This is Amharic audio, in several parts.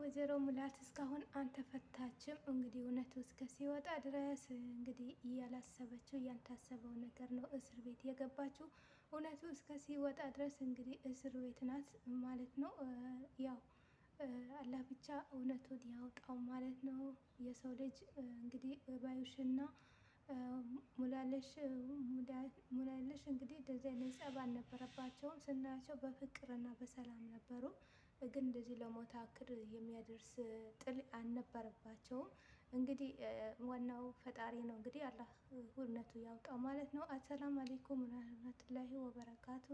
ወይዘሮ ሙላት እስካሁን አልተፈታችም። እንግዲህ እውነቱ እስከ ሲወጣ ድረስ እንግዲህ እያላሰበችው ያልታሰበው ነገር ነው እስር ቤት የገባችው። እውነቱ እስከ ሲወጣ ድረስ እንግዲህ እስር ቤት ናት ማለት ነው። ያው አላህ ብቻ እውነቱን ያውጣው ማለት ነው። የሰው ልጅ እንግዲህ ባዩሽና ሙላለሽ ሙላለሽ እንግዲህ እንደዚህ አይነት ጸብ አልነበረባቸውም። ስናያቸው በፍቅርና በሰላም ነበሩ። ግን እንደዚህ ለሞት አክል የሚያደርስ ጥል አልነበረባቸውም። እንግዲህ ዋናው ፈጣሪ ነው። እንግዲህ አላህ እውነቱ ያውጣው ማለት ነው። አሰላም አሌይኩም ወረህመቱላሂ ወበረካቱ።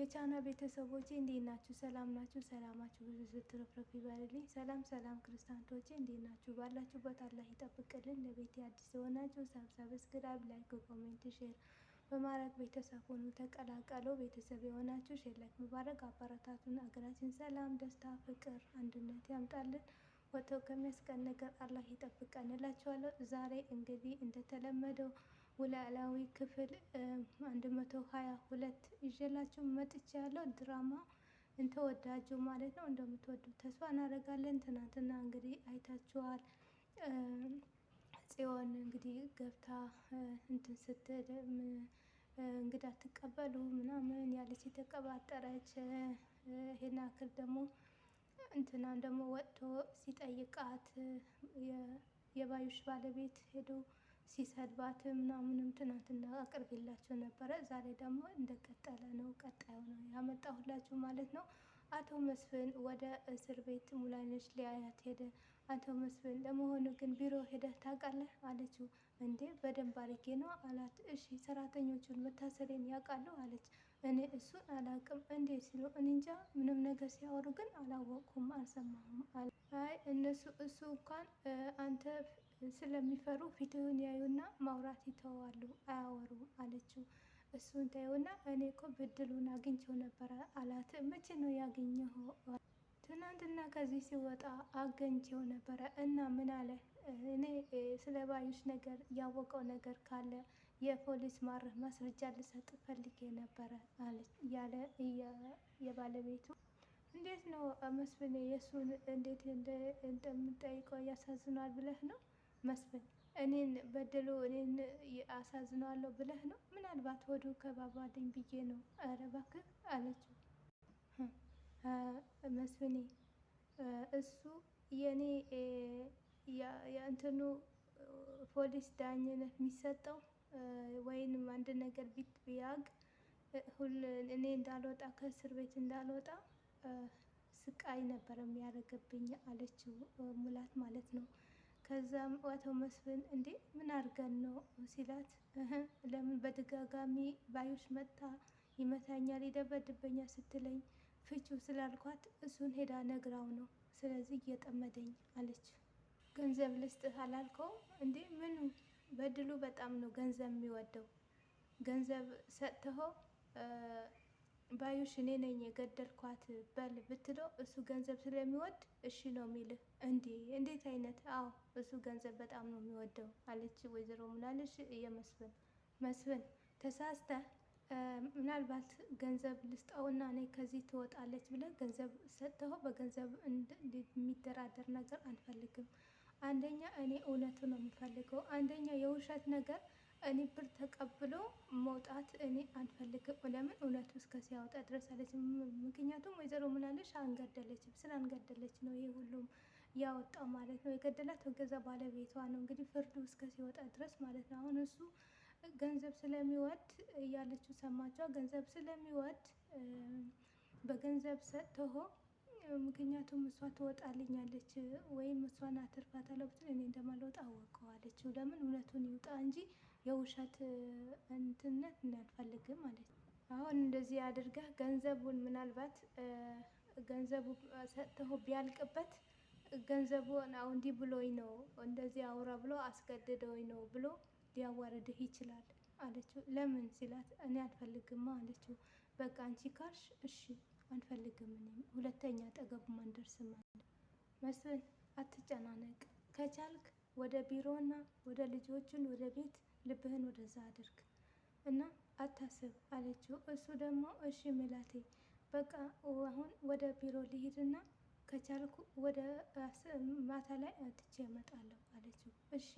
የቻና ቤተሰቦች እንዴት ናችሁ? ሰላም ናችሁ? ሰላማችሁ ብዙ ዝትርፍርፍ ይበልልኝ። ሰላም ሰላም ክርስቲያኖች እንዴት ናችሁ? ባላችሁበት አላህ ይጠብቅልን። ለቤት አዲስ የሆናችሁ ሰብስክራይብ፣ ላይክ፣ ኮሜንት፣ ሼር በማድረግ ቤተሰብ ሆኑ ተቀላቀሉ። ቤተሰብ የሆናችሁ ሸላች መባረግ አበረታቱን። ሀገራችን ሰላም፣ ደስታ፣ ፍቅር፣ አንድነት ያምጣልን። ወጥተው ከሚያስቀን ነገር አላህ ይጠብቀን እላችኋለሁ። ዛሬ እንግዲህ እንደተለመደው ኖላዊ ክፍል 122 መቶ ሀያ ይዤላችሁ መጥቼ ያለው ድራማ እንተወዳጁ ማለት ነው። እንደምትወዱ ተስፋ እናደርጋለን። ትናንትና እንግዲህ አይታችኋል። ጽዮን እንግዲህ ገብታ እንትን ስትል እንግዳ ትቀበሉ ምናምን ያለች የተቀባጠረች ይሄን አክል ደግሞ እንትና ደግሞ ወጥቶ ሲጠይቃት የባዩሽ ባለቤት ሄዶ ሲሰድባት ምናምንም ትናንትና አቅርቤላቸው ነበረ። ዛሬ ደግሞ እንደቀጠለ ነው። ቀጣዩ ነው ያመጣሁላችሁ ማለት ነው። አቶ መስፍን ወደ እስር ቤት ሙላነሽ ሊያያት ሄደ። አቶ መስፍን ለመሆኑ ግን ቢሮ ሄደህ ታውቃለህ? አለችው። እንዴ በደንብ አድርጌ ነው አላት። እሺ ሰራተኞቹን መታሰሬን ያውቃሉ? አለች። እኔ እሱን አላውቅም። እንዴት ሲሉ እንጃ ምንም ነገር ሲያወሩ ግን አላወቅኩም፣ አልሰማሁም አለ። አይ እነሱ እሱ እንኳን አንተ ስለሚፈሩ ፊትህን ያዩና ማውራት ይተዋሉ፣ አያወሩም አለችው። እሱን ታየውና እኔ እኮ ብድሉን አግኝቼው ነበረ አላት። መቼ ነው ያገኘኸው? ትናንትና ከዚህ ሲወጣ አገኝቼው ነበረ እና ምን አለ እኔ ስለ ባዩሽ ነገር ያወቀው ነገር ካለ የፖሊስ ማረፍ ማስረጃ ልሰጥ ፈልጌ ነበረ ያለ የባለቤቱ እንዴት ነው መስፍን የእሱን እንዴት እንደምንጠይቀው ያሳዝኗል ብለህ ነው መስፍን እኔን በድሎ እኔን አሳዝኗለሁ ብለህ ነው ምናልባት ሆዱ ከባባልኝ ብዬ ነው ኧረ እባክህ አለችው መስፍኔ እሱ የኔ የእንትኑ ፖሊስ ዳኝነት የሚሰጠው ወይንም አንድ ነገር ቢት ቢያግ እኔ እንዳልወጣ ከእስር ቤት እንዳልወጣ ስቃይ ነበር የሚያደርግብኝ አለችው ሙላት ማለት ነው። ከዛም አቶ መስፍን እንዴ ምን አድርገን ነው ሲላት፣ ለምን በድጋጋሚ ባዩሽ መጥታ ይመታኛል፣ ይደበድበኛል ስትለኝ ፍቺው ስላልኳት እሱን ሄዳ ነግራው ነው። ስለዚህ እየጠመደኝ አለች። ገንዘብ ልስጥህ አላልከው እንዴ? ምኑ በድሉ በጣም ነው ገንዘብ የሚወደው። ገንዘብ ሰጥተኸው ባዩሽ እኔ ነኝ የገደልኳት በል ብትለው እሱ ገንዘብ ስለሚወድ እሺ ነው የሚልህ። እንዴ እንዴት አይነት አዎ፣ እሱ ገንዘብ በጣም ነው የሚወደው አለች ወይዘሮ ምናልሽ የመስፍን መስፍን ተሳስተህ ምናልባት ገንዘብ ልስጠው እና እኔ ከዚህ ትወጣለች ብለን ገንዘብ ሰጥተው በገንዘብ የሚደራደር ነገር አንፈልግም። አንደኛ እኔ እውነቱ ነው የምፈልገው። አንደኛ የውሸት ነገር እኔ ብር ተቀብሎ መውጣት እኔ አንፈልግም። ለምን እውነቱ እስከ ሲያወጣ ድረስ አለች። ምክንያቱም ወይዘሮ ምናለሽ አንገደለችም። ስላንገደለች ነው ይህ ሁሉም ያወጣው ማለት ነው። የገደላት ወገዛ ባለቤቷ ነው። እንግዲህ ፍርዱ እስከ ሲወጣ ድረስ ማለት ነው። አሁን እሱ ገንዘብ ስለሚወድ እያለችው ሰማቸዋ። ገንዘብ ስለሚወድ በገንዘብ ሰጥቶ ምክንያቱም እሷ ትወጣልኛለች ወይም እሷን አትርፋታለሁ ብትል እኔ እንደማልወጣ አወቀዋለችው። ለምን እውነቱን ይውጣ እንጂ የውሸት እንትነት እናልፈልግም ማለት ነው። አሁን እንደዚህ አድርጋ ገንዘቡን ምናልባት ገንዘቡ ሰጥተው ቢያልቅበት ገንዘቡን እንዲህ ብሎኝ ነው እንደዚህ አውራ ብሎ አስገድደውኝ ነው ብሎ ሊያዋርድህ ይችላል አለችው። ለምን ሲላት እኔ አልፈልግማ አለችው። በቃ አንቺ ካልሽ እሺ አንፈልግም፣ ሁለተኛ አጠገቡም አንደርስም አለ መስፍን። አትጨናነቅ ከቻልክ ወደ ቢሮና ወደ ልጆችን ወደ ቤት ልብህን ወደዛ አድርግ እና አታስብ አለችው። እሱ ደግሞ እሺ ምላቴ በቃ አሁን ወደ ቢሮ ልሂድና ከቻልኩ ወደ ማታ ላይ አትቼ እመጣለሁ አለችው። እሺ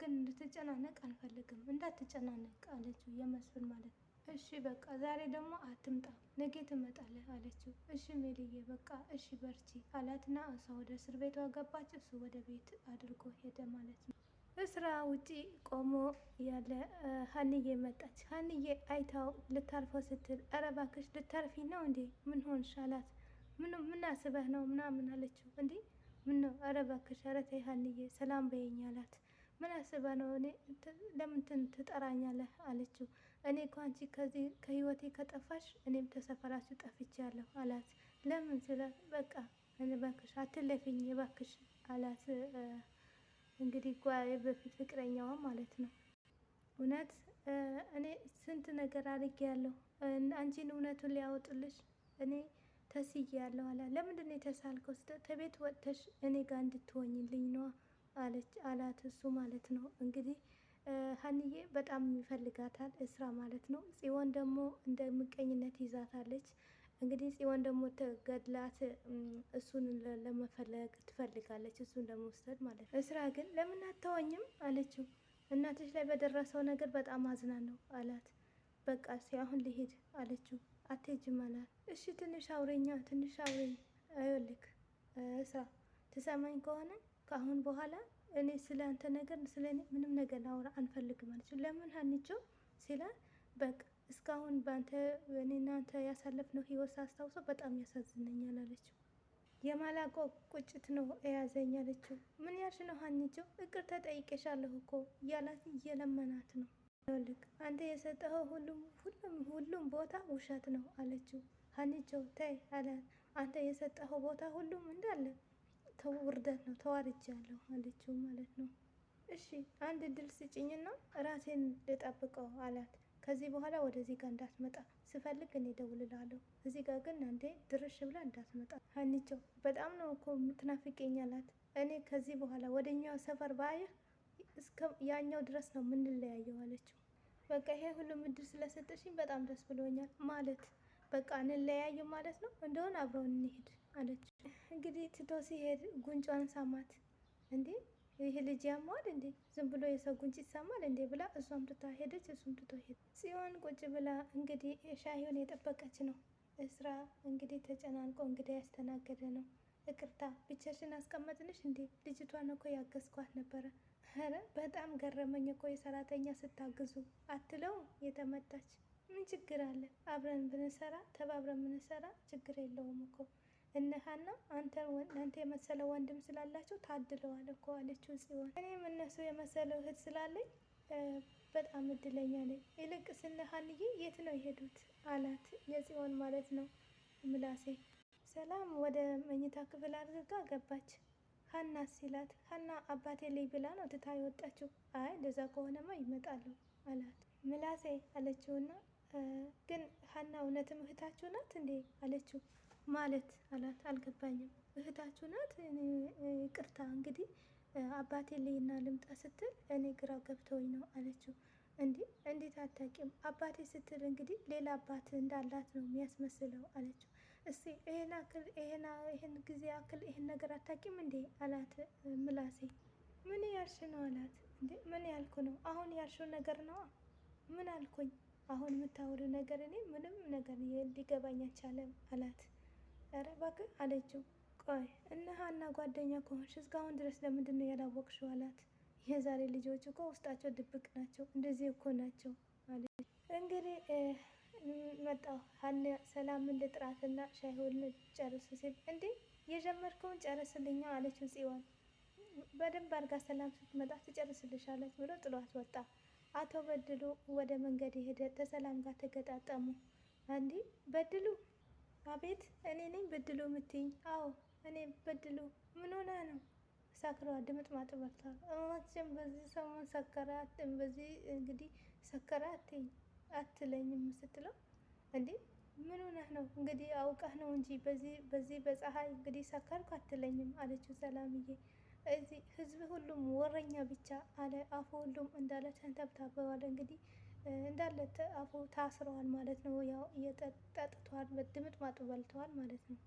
ግን እንድትጨናነቅ አልፈልግም እንዳትጨናነቅ አለችው የመስፍን ማለት ነው። እሺ በቃ ዛሬ ደግሞ አትምጣ ነገ ትመጣለህ አለችው። እሺ ሜልዬ በቃ እሺ በርቺ አላትና እሷ ወደ እስር ቤቷ ገባች። እሱ ወደ ቤት አድርጎ ሄደ ማለት ነው። እስራ ውጪ ቆሞ ያለ ሀንዬ መጣች። ሀንዬ አይታው ልታርፈው ስትል ኧረ እባክሽ ልታርፊ ነው እንዴ? ምን ሆንሽ አላት። ምን አስበህ ነው ምናምን አለችው። እንዴ ምን ነው ኧረ እባክሽ ኧረ ተይ ሀንዬ ሰላም በይኝ አላት። ምን አስባ ነው እኔ ለምን ትጠራኛለህ? አለችው። እኔ እኮ አንቺ ከዚህ ከህይወቴ ከጠፋሽ እኔም ተሰፈራችሁ ጠፍቻለሁ አላት። ለምን ስለ በቃ እባክሽ አትለፊኝ እባክሽ አላት። እንግዲህ ጓይ በፊት ፍቅረኛዋ ማለት ነው። እውነት እኔ ስንት ነገር አድርጌያለሁ አንቺን እውነቱን ሊያወጡልሽ እኔ ተስዬ ያለው አላት። ለምንድን ነው የተሳልከው? ከቤት ወጥተሽ እኔ ጋር እንድትሆኝልኝ ነዋ አለች አላት እሱ ማለት ነው። እንግዲህ ሀንዬ በጣም ይፈልጋታል እስራ ማለት ነው። ጽዮን ደግሞ እንደ ምቀኝነት ይዛታለች። እንግዲህ ጽዮን ደግሞ ተገድላት እሱን ለመፈለግ ትፈልጋለች፣ እሱን ለመውሰድ ማለት ነው። እስራ ግን ለምን አታወኝም አለችው። እናትሽ ላይ በደረሰው ነገር በጣም አዝና ነው አላት። በቃ እስኪ አሁን ልሄድ አለችው። አትሄጂም አላት። እሺ ትንሽ አውሬኛ ትንሽ አውሪኝ። አይወልክ እስራ ትሰማኝ ከሆነ ከአሁን በኋላ እኔ ስለ አንተ ነገር ስለ እኔ ምንም ነገር ላውራ አንፈልግም አለችው። ለምን ሀኒቸው ሲላል በቃ እስካሁን በአንተ እኔ እናንተ ያሳለፍነው ህይወት ሳስታውሰው በጣም ያሳዝነኛል አለችው። የማላውቀው ቁጭት ነው የያዘኝ አለችው። ምን ያልሽ ነው ሀኒቸው? ይቅርታ ጠይቄሻለሁ እኮ እያላት እየለመናት ነው። ልክ አንተ የሰጠኸው ሁሉም ሁሉም ሁሉም ቦታ ውሸት ነው አለችው። ሀኒቸው ተይ አለ አንተ የሰጠኸው ቦታ ሁሉም እንዳለ ተው ውርደት ነው ተዋርጃለሁ አለችው ማለት ነው። እሺ አንድ እድል ስጭኝና ራሴን ልጠብቀው አላት። ከዚህ በኋላ ወደዚህ ጋር እንዳትመጣ ስፈልግ እኔ እደውልልሃለሁ። እዚህ ጋር ግን አንዴ ድርሽ ብላ እንዳትመጣ። ሀኒቸው በጣም ነው እኮ የምትናፍቀኝ አላት። እኔ ከዚህ በኋላ ወደኛው ሰፈር በአየህ እስከ ያኛው ድረስ ነው የምንለያየው አለችው። በቃ ይሄ ሁሉም እድል ስለሰጠሽኝ በጣም ደስ ብሎኛል። ማለት በቃ እንለያየው ማለት ነው እንደሆነ አብረውን እንሄድ አለችው። እንግዲህ ትቶ ሲሄድ ጉንጯን ሳማት። እንዴ ይህ ልጅ ያማዋል እንዴ ዝም ብሎ የሰው ጉንጭ ይሳማል እንዴ ብላ እሷም ትታ ሄደች፣ እሱም ትቶ ሄደ። ጽዮን ቁጭ ብላ እንግዲህ ሻዩን የጠበቀች ነው። እስራ እንግዲህ ተጨናንቆ እንግዲህ ያስተናገደ ነው። እቅርታ ብቻሽን አስቀመጥንሽ እንዴ? ልጅቷን እኮ ያገዝኳት ነበረ። ኧረ በጣም ገረመኝ እኮ የሰራተኛ ስታግዙ አትለው የተመታች ምን ችግር አለ? አብረን ብንሰራ ተባብረን ብንሰራ ችግር የለውም እኮ እነ ሀና አንተ የመሰለ ወንድም ስላላችሁ ታድለዋል እኮ አለችው ጽዮን። እኔም እነሱ የመሰለ እህት ስላለኝ በጣም እድለኛ ነኝ። ይልቅ እነ የት ነው የሄዱት? አላት የጽዮን ማለት ነው ምላሴ። ሰላም ወደ መኝታ ክፍል አድርጋ ገባች። ሀና ሲላት ሀና አባቴ ልይ ብላ ነው ትታ የወጣችው። አይ እንደዛ ከሆነማ ይመጣሉ አላት ምላሴ አለችውና፣ ግን ሀና እውነትም እህታችሁ ናት እንዴ አለችው። ማለት አላት። አልገባኝም። እህታችሁ ናት? ቅርታ እንግዲህ አባቴ ልይና ልምጣ ስትል እኔ ግራ ገብተውኝ ነው አለችው። እንዲህ እንዴት አታውቂም? አባቴ ስትል እንግዲህ ሌላ አባት እንዳላት ነው የሚያስመስለው አለችው። እስቲ ይሄን አክል ይሄን ጊዜ አክል ይሄን ነገር አታውቂም እንዴ አላት ምላሴ። ምን ያልሽ ነው አላት። እንዴ ምን ያልኩ ነው? አሁን ያልሽው ነገር ነው። ምን አልኩኝ? አሁን የምታወሪው ነገር እኔ ምንም ነገር ሊገባኝ አልቻለም አላት። ኧረ እባክህ አለችው። ቆይ እና ሀና ጓደኛ ከሆንሽ እስካሁን ድረስ ለምንድን ነው ያላወቅሽው? አላት። የዛሬ ልጆች እኮ ውስጣቸው ድብቅ ናቸው፣ እንደዚህ እኮ ናቸው አለች። እንግዲህ መጣሁ ሀና ሰላምን ልጥራትና ሻይሆን ጨርስ ሲል እንዴ የጀመርከውን ጨርስልኛ አለችው ጽዮን። በደንብ አድርጋ ሰላም ስትመጣ ትጨርስልሻለች ብሎ ጥሏት ወጣ። አቶ በድሉ ወደ መንገድ ሄደ። ከሰላም ጋር ተገጣጠሙ። አንዲ በድሉ አቤት እኔ ነኝ በድሎ የምትይኝ? አዎ እኔ በድሎ። ምን ሆነ ነው? ሰክረዋል። ድምጥ ማጥ በልቷል። እማችን በዚህ ሰሞን ሰከረ በዚህ እንግዲህ ሰከረ አትይኝ አትለኝም ስትለው እንዴ ምን ሆነህ ነው? እንግዲህ አውቀህ ነው እንጂ በዚህ በዚህ በፀሐይ እንግዲህ ሰከርኩ አትለኝም አለችው ሰላምዬ። እዚህ ህዝብ ሁሉም ወረኛ ብቻ አለ አፉ ሁሉም እንዳለ ተንተብታበዋል እንግዲህ እንዳለ አፉ ታስረዋል ማለት ነው። ያው እየጠጥቷል ድምጥ ማጡ በልተዋል ማለት ነው።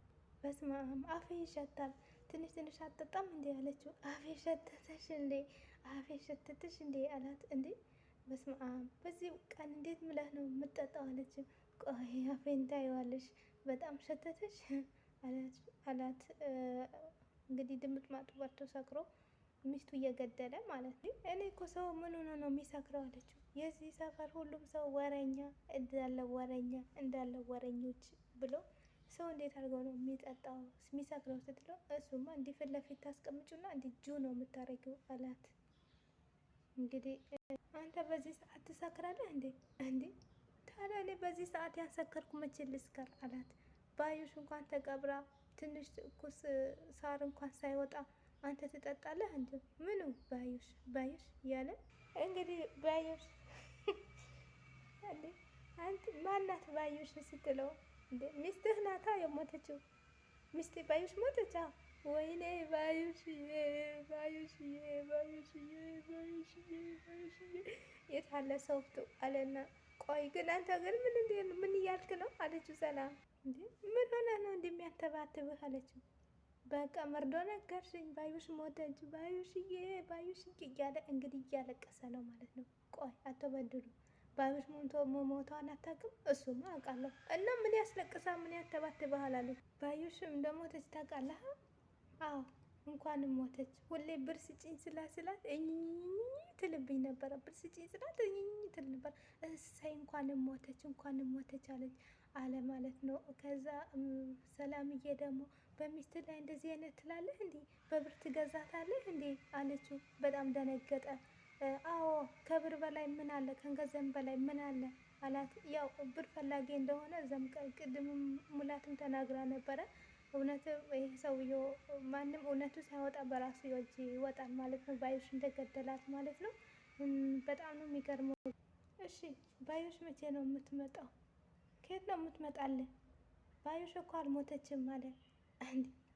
በስመ አብ አፌ ይሸታል። ትንሽ ትንሽ አጠጣም እንዴ አለችው። አፌ ሸተተሽ እንዴ አፌ ሸተተሽ እንዴ አላት። እንዴ በስመ አብ በዚህ ቀን እንዴት ምለህ ነው የምትጠጣው አለችው። ቆይ አፌን ታይዋለሽ በጣም ሸተተሽ አላት። እንግዲህ ድምጥ ማጡ በልቶ ሰክሮ ሚስቱ እየገደለ ማለት ነው። እኔ እኮ ሰው ምን ሆኖ ነው የሚሰክረው አለችው። የዚህ ሰፈር ሁሉም ሰው ወረኛ እንዳለ ወረኛ እንዳለ ወረኞች ብሎ ሰው እንዴት አድርገው ነው የሚጠጣው የሚሰክረው ስትለው፣ እሱማ እንዲህ ፊት ለፊት ታስቀምጩና እንዲህ ጁ ነው የምታደርጊው አላት። እንግዲህ አንተ በዚህ ሰዓት ትሰክራለህ እንዴ? እንዴ ታዲያ እኔ በዚህ ሰዓት ያሰከርኩ መቼ ልስከር አላት። ባዩሽ እንኳን ተቀብራ ትንሽ ትኩስ ሳር እንኳን ሳይወጣ አንተ ትጠጣለህ እንደ ምኑ ባዩሽ ባዩሽ እያለ እንግዲህ ባዩሽ እንዴ አንተ ማናት ባዩሽ ስትለው እንዴ ሚስትህ ናታ የሞተችው ሚስቴ ባዩሽ ሞተች ወይኔ ባዩሽዬ ባዩሽዬ ባዩሽዬ ባዩሽዬ ባዩሽዬ የት አለ ሰው አለና ቆይ ግን አንተ ግን ምን እንደ ምን እያልክ ነው አለችው ሰላም እንዴ ምን ሆነ ነው እንደሚያተባትብህ አለችው በቃ መርዶ ነገርሽኝ ባዩሽ ሞተች፣ ባዩሽዬ ባዩሽዬ እያለ እንግዲህ እያለቀሰ ነው ማለት ነው። ቆይ አትበድሉ። ባዩሽ ሞቶ መሞቷን አታውቅም። እሱማ አውቃለሁ። እና ምን ያስለቅሳ ምን ያተባት ባህላለች። ባዩሽ እንደሞተች ታውቃለህ? አዎ እንኳንም ሞተች። ሁሌ ብር ስጭኝ ስላ ስላት እኝኝ ትልብኝ ነበረ። ብር ስጭኝ ስላት እኝኝ ትል ነበረ። እሰይ እንኳንም ሞተች፣ እንኳንም ሞተች አለች አለ ማለት ነው። ከዛ ሰላምዬ ደግሞ በሚስት ላይ እንደዚህ አይነት ትላለህ እንዴ? በብር ትገዛታለህ እንዴ? አለችው። በጣም ደነገጠ። አዎ ከብር በላይ ምን አለ? ከገንዘብ በላይ ምን አለ አላት። ያው ብር ፈላጊ እንደሆነ ዘምቀ ቅድምም ሙላትም ተናግራ ነበረ። እውነት ይህ ሰውዬው ማንም እውነቱ ሳይወጣ በራሱ እጅ ይወጣል ማለት ነው። ባዮሽ እንደገደላት ማለት ነው። በጣም ነው የሚገርመው። እሺ ባዮሽ መቼ ነው የምትመጣው? ከየት ነው የምትመጣልን? ባዮሽ እኮ አልሞተችም ማለት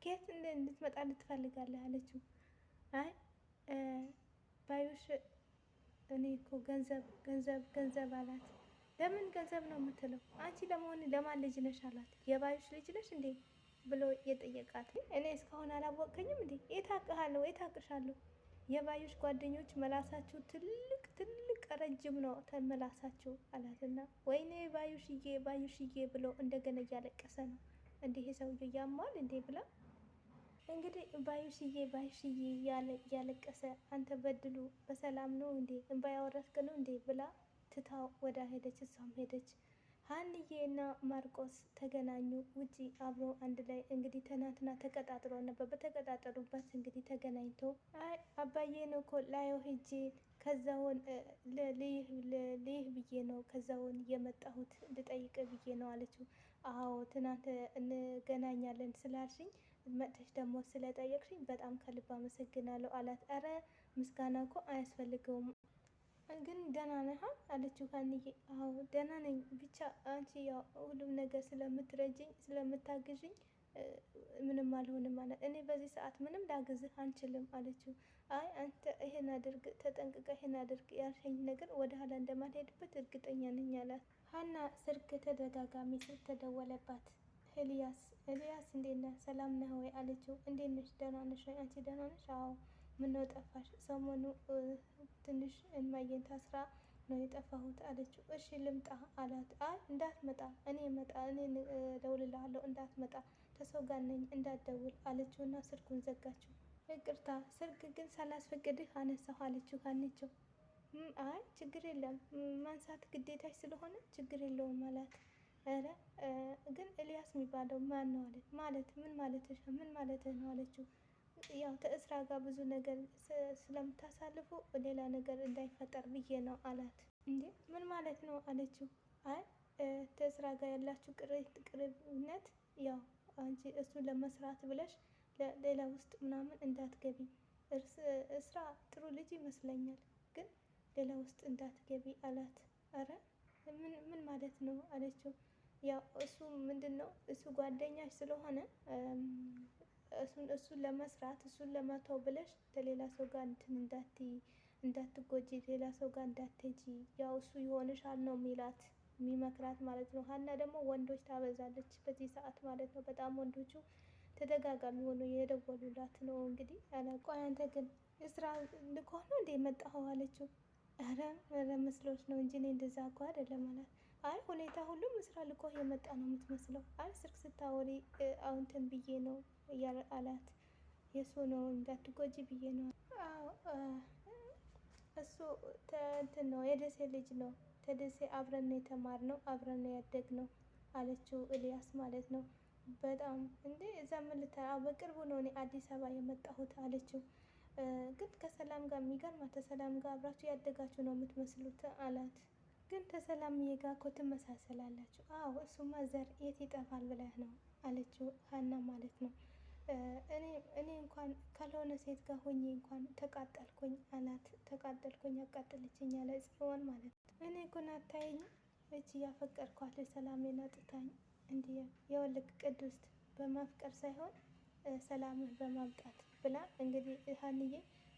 ከየት እንድትመጣ ልትፈልጋለህ አለችው። አይ ባዮሽ እኔ እኮ ገንዘብ ገንዘብ ገንዘብ አላት። ለምን ገንዘብ ነው የምትለው? አንቺ ለመሆን ለማን ልጅ ነሽ አላት። የባዮሽ ልጅ ነሽ እንዴ? ብሎ የጠየቃት እኔ እስካሁን አላወቅከኝም እንዴ? የታቅሃለሁ የታቅሻለሁ። የባዮች ጓደኞች መላሳችሁ ትልቅ ትልቅ ረጅም ነው ተመላሳችሁ አላትና፣ ወይኔ ባዩሽዬ ባዩሽዬ ብሎ እንደገና እያለቀሰ ነው። እንዲህ የሰውዬው ያማል እንዴ ብላ እንግዲህ ባዩሽዬ ባዩሽዬ እያለ እያለቀሰ አንተ በድሉ በሰላም ነው እንዴ እንባ ያወረስክ ነው እንዴ ብላ ትታው ወዳ ሄደች። እሷም ሄደች። ሀንዬ እና ማርቆስ ተገናኙ። ውጪ አብሮ አንድ ላይ እንግዲህ ትናንትና ተቀጣጥሮ ነበር። በተቀጣጠሩበት እንግዲህ ተገናኝቶ አይ አባዬ ነው እኮ ላየው ሂጄ ከዛውን ልይህ ብዬ ነው ከዛውን የመጣሁት ልጠይቅ ብዬ ነው አለችው። አዎ ትናንት እንገናኛለን ስላልሽኝ መጥተሽ ደግሞ ስለጠየቅሽኝ በጣም ከልብ አመሰግናለሁ አላት። ኧረ ምስጋና እኮ አያስፈልገውም ግን ደህና ነህ አለችው ሀንዬ። አዎ ደህና ነኝ፣ ብቻ አንቺ ያው ሁሉም ነገር ስለምትረጅኝ ስለምታግዥኝ ምንም አልሆንም አለ። እኔ በዚህ ሰዓት ምንም ላግዝህ አንችልም አለችው። አይ አንተ ይሄን አድርግ፣ ተጠንቅቀ ይሄን አድርግ፣ ያልከኝ ነገር ወደ ኋላ እንደማልሄድበት እርግጠኛ ነኝ አላት። ሀና ስልክ ተደጋጋሚ ስልክ ተደወለባት። ኤልያስ ኤልያስ እንዴት ነህ? ሰላም ነህ ወይ አለችው። እንዴት ነሽ? ደህና ነሽ? አንቺ ደህና ነሽ? አዎ ምነው ጠፋሽ? ሰሞኑ ትንሽ እማዬን ታስራ ነው የጠፋሁት አለችው። እሺ ልምጣ አላት። አይ እንዳትመጣ እኔ መጣ እኔ እደውልልሃለሁ እንዳትመጣ ከሰው ጋር ነኝ እንዳትደውል አለችው እና ስልኩን ዘጋችው። ይቅርታ ስልክ ግን ሳላስፈቅድህ አነሳሁ አለችው ሀኒቾ። አይ ችግር የለም ማንሳት ግዴታሽ ስለሆነ ችግር የለውም አላት። ኧረ ግን ኤልያስ የሚባለው ማን ነው አለች። ማለት ምን ማለት ምን ማለት ነው አለችው። ያው ከእስራ ጋር ብዙ ነገር ስለምታሳልፉ ሌላ ነገር እንዳይፈጠር ብዬ ነው አላት። እንዴ ምን ማለት ነው አለችው። አይ ከእስራ ጋር ያላችሁ ቅርብነት ያው አንቺ እሱ ለመስራት ብለሽ ሌላ ውስጥ ምናምን እንዳትገቢ፣ እስራ ጥሩ ልጅ ይመስለኛል፣ ግን ሌላ ውስጥ እንዳትገቢ አላት። አረ ምን ማለት ነው አለችው። ያው እሱ ምንድን ነው እሱ ጓደኛሽ ስለሆነ እሱን ለመስራት እሱን ለመተው ብለሽ ከሌላ ሰው ጋር እንትን እንዳትይ እንዳትጎጂ ሌላ ሰው ጋር እንዳትሄጂ ያው እሱ ይሆንሻል ነው የሚላት የሚመክራት ማለት ነው። ሀና ደግሞ ወንዶች ታበዛለች በዚህ ሰዓት ማለት ነው። በጣም ወንዶቹ ተደጋጋሚ ሆኖ የደወሉላት ነው እንግዲህ አለቋ። አንተ ግን ስራ ልኮ ነው እንዴ መጣኸው? አለችው። ኧረ ኧረ መስሎች ነው እንጂ እኔ እንደዛ እኮ አይደለም አላት። አይ ሁኔታ ሁሉም ስራ ልቆ የመጣ ነው የምትመስለው። አይ ስልክ ስታወሪ አሁንትን ብዬ ነው አላት። የእሱ ነው እንዳትጎጂ ብዬ ነው። እሱ እንትን ነው የደሴ ልጅ ነው። ተደሴ አብረን ነው የተማር ነው አብረን ነው ያደግ ነው አለችው። እልያስ ማለት ነው። በጣም እንዴ እዛ ምልታ በቅርቡ ነው እኔ አዲስ አበባ የመጣሁት አለችው። ግን ከሰላም ጋር የሚገርማት ከሰላም ጋር አብራችሁ ያደጋችሁ ነው የምትመስሉት አላት። ግን ከሰላምዬ ጋር እኮ ትመሳሰላላችሁ። አዎ እሱማ ዘር የት ይጠፋል ብለህ ነው አለችው ሀና ማለት ነው። እኔ እንኳን ካልሆነ ሴት ጋር ሆኜ እንኳን ተቃጠልኩኝ አላት። ተቃጠልኩኝ አቃጠለችኝ አለ ጽዮን ማለት ነው። እኔ እኮ አታይኝ እጅ እያፈቀርኳት ሰላሜን አጥታኝ እንዲህ የወልቅ ቅዱስ በማፍቀር ሳይሆን ሰላምን በማምጣት ብላ እንግዲህ ሀንዬ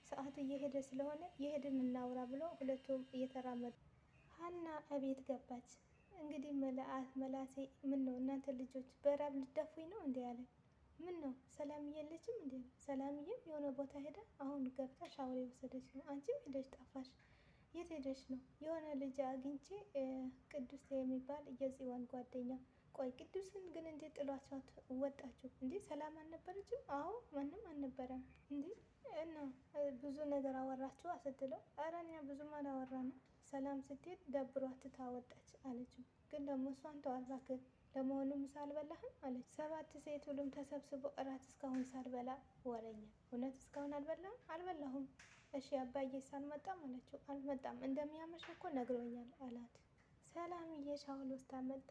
ሰዓቱ እየሄደ ስለሆነ የሄድን እናውራ ብሎ ሁለቱም እየተራመዱ ሀና እቤት ገባች። እንግዲህ መላሴ ምን ነው እናንተ ልጆች በራብ ልትደፉኝ ነው እንዴ? አለ። ምን ነው ሰላምዬ የለችም እንዴ? ሰላምዬም የሆነ ቦታ ሄዳ አሁን ገብታ ሻወር የወሰደች ነው። አንቺም ሄደች ጠፋሽ። የት ሄደች ነው? የሆነ ልጅ አግኝቼ ቅዱስ የሚባል የጽዮን ጓደኛ። ቆይ ቅዱስን ግን እንዴት ጥሏቸዋት ወጣችሁ እንዴ? ሰላም አልነበረችም? አዎ ማንም አልነበረም እንዴ? እና ብዙ ነገር አወራችሁ አስትለው? ኧረ እኛ ብዙም አላወራንም ሰላም ስትሄድ ደብሯት ታወጣች አለችው። ግን ደግሞ እሷን ተዋት እባክህ፣ ለመሆኑ ምሳ አልበላህም አለች። ሰባት ሴት ሁሉም ተሰብስቦ እራት እስካሁን ሳልበላ ወረኛ። እውነት እስካሁን አልበላም? አልበላሁም። እሺ አባዬስ አልመጣም አለችው። አልመጣም እንደሚያመሽ እኮ ነግሮኛል አላት። ሰላምዬ ሻወር ወስዳ መጣ።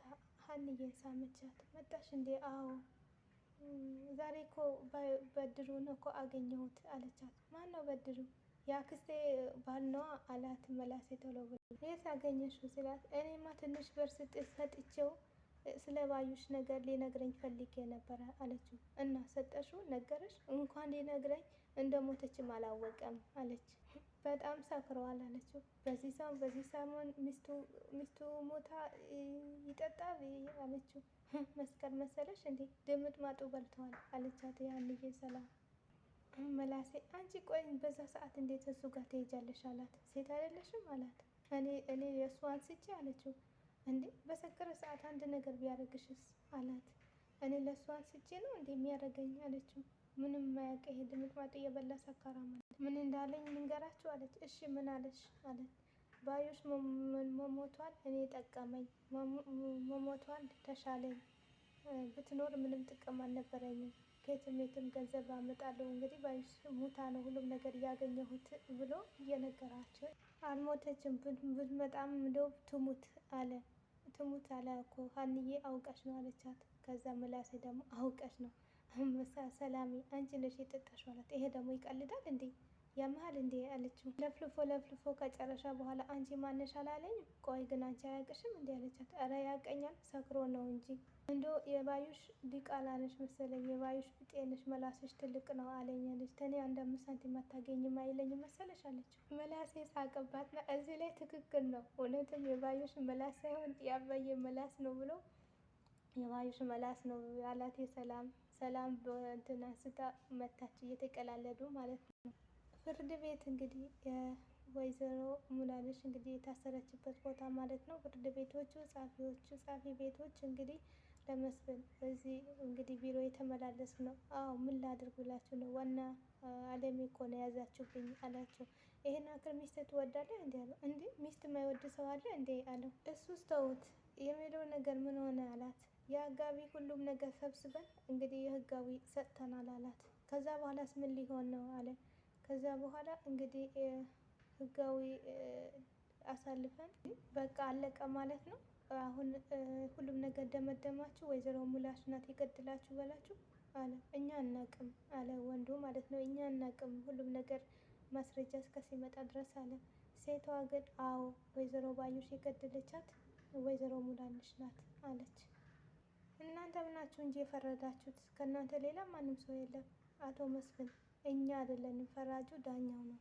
ሀንዬን ሳመቻት። መጣሽ እንዴ? አዎ ዛሬ እኮ በድሩን እኮ አገኘሁት አለቻት። ማን ነው በድሩ? የአክስቴ ባልነዋ አላት መላሴ ቶሎ ብሎ የት አገኘሽው ስላት፣ እኔማ ትንሽ ብር ሰጥቼው ስለ ባዩሽ ነገር ሊነግረኝ ፈልጌ ነበረ አለችው። እና ሰጠሽው? ነገረሽ? እንኳን ሊነግረኝ እንደሞተችም አላወቀም አለች። በጣም ሰክረዋል አለችው። በዚህ ሰሞን በዚህ ሰሞን ሚስቱ ሞታ ይጠጣል አለችው። መስቀል መሰለሽ እንዴ ድምጥ ማጡ በልተዋል አለቻት። ያንዬ ሰላም መላሴ አንቺ ቆይ በዛ ሰዓት እንዴት እሱ ጋር ትሄጃለሽ? አላት። ሴት አይደለሽም አላት። እኔ እኔ የእሱ አንስቼ አለችው። እንዴ በሰከረ ሰዓት አንድ ነገር ቢያደርግሽስ? አላት። እኔ ለእሱ አንስቼ ነው እንዴ የሚያደርገኝ አለችው። ምንም ማያውቅ ይሄ ድምጥማጥ እየበላ ሰካራም ምን እንዳለኝ ልንገራችሁ አለች። እሺ ምን አለሽ? አላት። ባዮሽ መሞቷን እኔ ጠቀመኝ፣ መሞቷን ተሻለኝ። ብትኖር ምንም ጥቅም አልነበረኝም ከየትም የትም ገንዘብ አመጣለሁ እንግዲህ ባይሱ ሙታ ነው ሁሉም ነገር እያገኘሁት ብሎ እየነገራቸው አልሞተችም ብትመጣም እንደው ትሙት አለ ትሙት አለ እኮ ሀንዬ አውቀሽ ነው አለቻት። ከዛ ምላሴ ደግሞ አውቀሽ ነው ሰላሜ አንቺ ነሽ የጠጣሽ ማለት ይሄ ደግሞ ይቀልዳል እንዴ? ያመሃል እንዴ አለችው። ለፍልፎ ለፍልፎ ከጨረሻ በኋላ አንቺ ማነሽ አላለኝ። ቆይ ግን አንቺ አያቅሽም እንዴ አለቻት። ኧረ ያቀኛል ሰክሮ ነው እንጂ እንዶ የባዩሽ ዲቃላ ነሽ መሰለኝ። የባዩሽ ብጤነሽ መላስሽ ትልቅ ነው አለኝ አለች። ተኔ አንድ አምስት ሳንቲም አታገኝም አይለኝ መሰለሽ አለች። መላሴ ሳቅባት። እዚህ ላይ ትክክል ነው እውነትም የባዩሽ መላስ ሳይሆን ያበየ መላስ ነው ብሎ የባዩሽ መላስ ነው ያላት። የሰላም ሰላም በእንትና ስታ መታች እየተቀላለዱ ማለት ነው። ፍርድ ቤት እንግዲህ የወይዘሮ ሙላልሽ እንግዲህ የታሰረችበት ቦታ ማለት ነው። ፍርድ ቤቶቹ ጻፊዎቹ ጻፊ ቤቶች እንግዲህ ለመስፍን እዚህ እንግዲህ ቢሮ የተመላለስ ነው። አዎ ምን ላድርግ ብላችሁ ነው ዋና አለም እኮ ነው የያዛችሁብኝ አላቸው። ይህን አክል ሚስት ትወዳለህ እንዲ አለው። እንዲ ሚስት የማይወድ ሰው አለ እንዴ አለው። የሚለው ነገር ምን ሆነ አላት። የህጋዊ ሁሉም ነገር ሰብስበን እንግዲህ የህጋዊ ሰጥተናል አላት። ከዛ በኋላስ ምን ሊሆን ነው አለ። ከዛ በኋላ እንግዲህ ህጋዊ አሳልፈን በቃ አለቀ ማለት ነው። አሁን ሁሉም ነገር ደመደማችሁ፣ ወይዘሮ ሙላሽ ናት የገደላችሁ በላችሁ አለ። እኛ አናቅም አለ ወንዱ ማለት ነው። እኛ አናቅም ሁሉም ነገር ማስረጃ ሲመጣ ድረስ አለ። ሴቷ ግን አዎ ወይዘሮ ባዮሽ የገደለቻት ወይዘሮ ሙላንሽ ናት አለች። እናንተ ምናችሁ እንጂ የፈረዳችሁት ከእናንተ ሌላ ማንም ሰው የለም። አቶ መስፍን እኛ አይደለንም ፈራጁ ዳኛው ነው።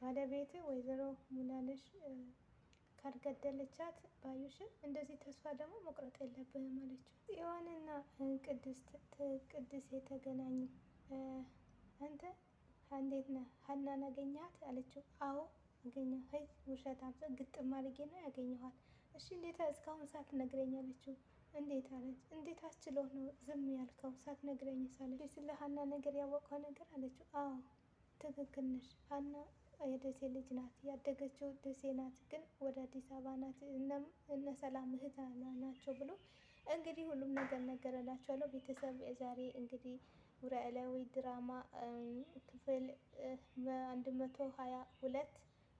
ባለቤት ወይዘሮ ሙላነሽ ካልገደለቻት ባዩሽን እንደዚህ ተስፋ ደግሞ መቁረጥ የለብን አለችው። ጽዮንና ቅድስት የተገናኙ አንተ እንዴት ነህ ሀናን አገኘሃት? አለችው። አዎ አገኘሁ። ውሸት ግጥም አድርጌ ነው ያገኘኋት። እሺ እንዴት እስካሁን ሰዓት ነግረኝ አለችው። እንዴት አለች። እንዴት አስችሎህ ነው ዝም ያልከው ሳትነግረኝ ሳለች ስለ ሀና ነገር ያወቀው ነገር አለችው። አዎ ትክክል ነሽ ሀና የደሴ ልጅ ናት። ያደገችው ደሴ ናት፣ ግን ወደ አዲስ አበባ ናት። እነ ሰላም እህት ናቸው ብሎ እንግዲህ ሁሉም ነገር ነገረላቸዋለሁ። ቤተሰብ ዛሬ እንግዲህ ኖላዊ ድራማ ክፍል አንድ መቶ ሀያ ሁለት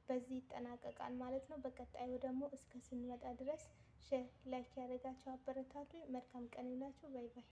በዚህ ይጠናቀቃል ማለት ነው። በቀጣዩ ደግሞ እስከ ስንመጣ ድረስ ሼር፣ ላይክ ያደረጋችሁ አበረታቱ። መልካም ቀን ይላችሁ። ባይ ባይ።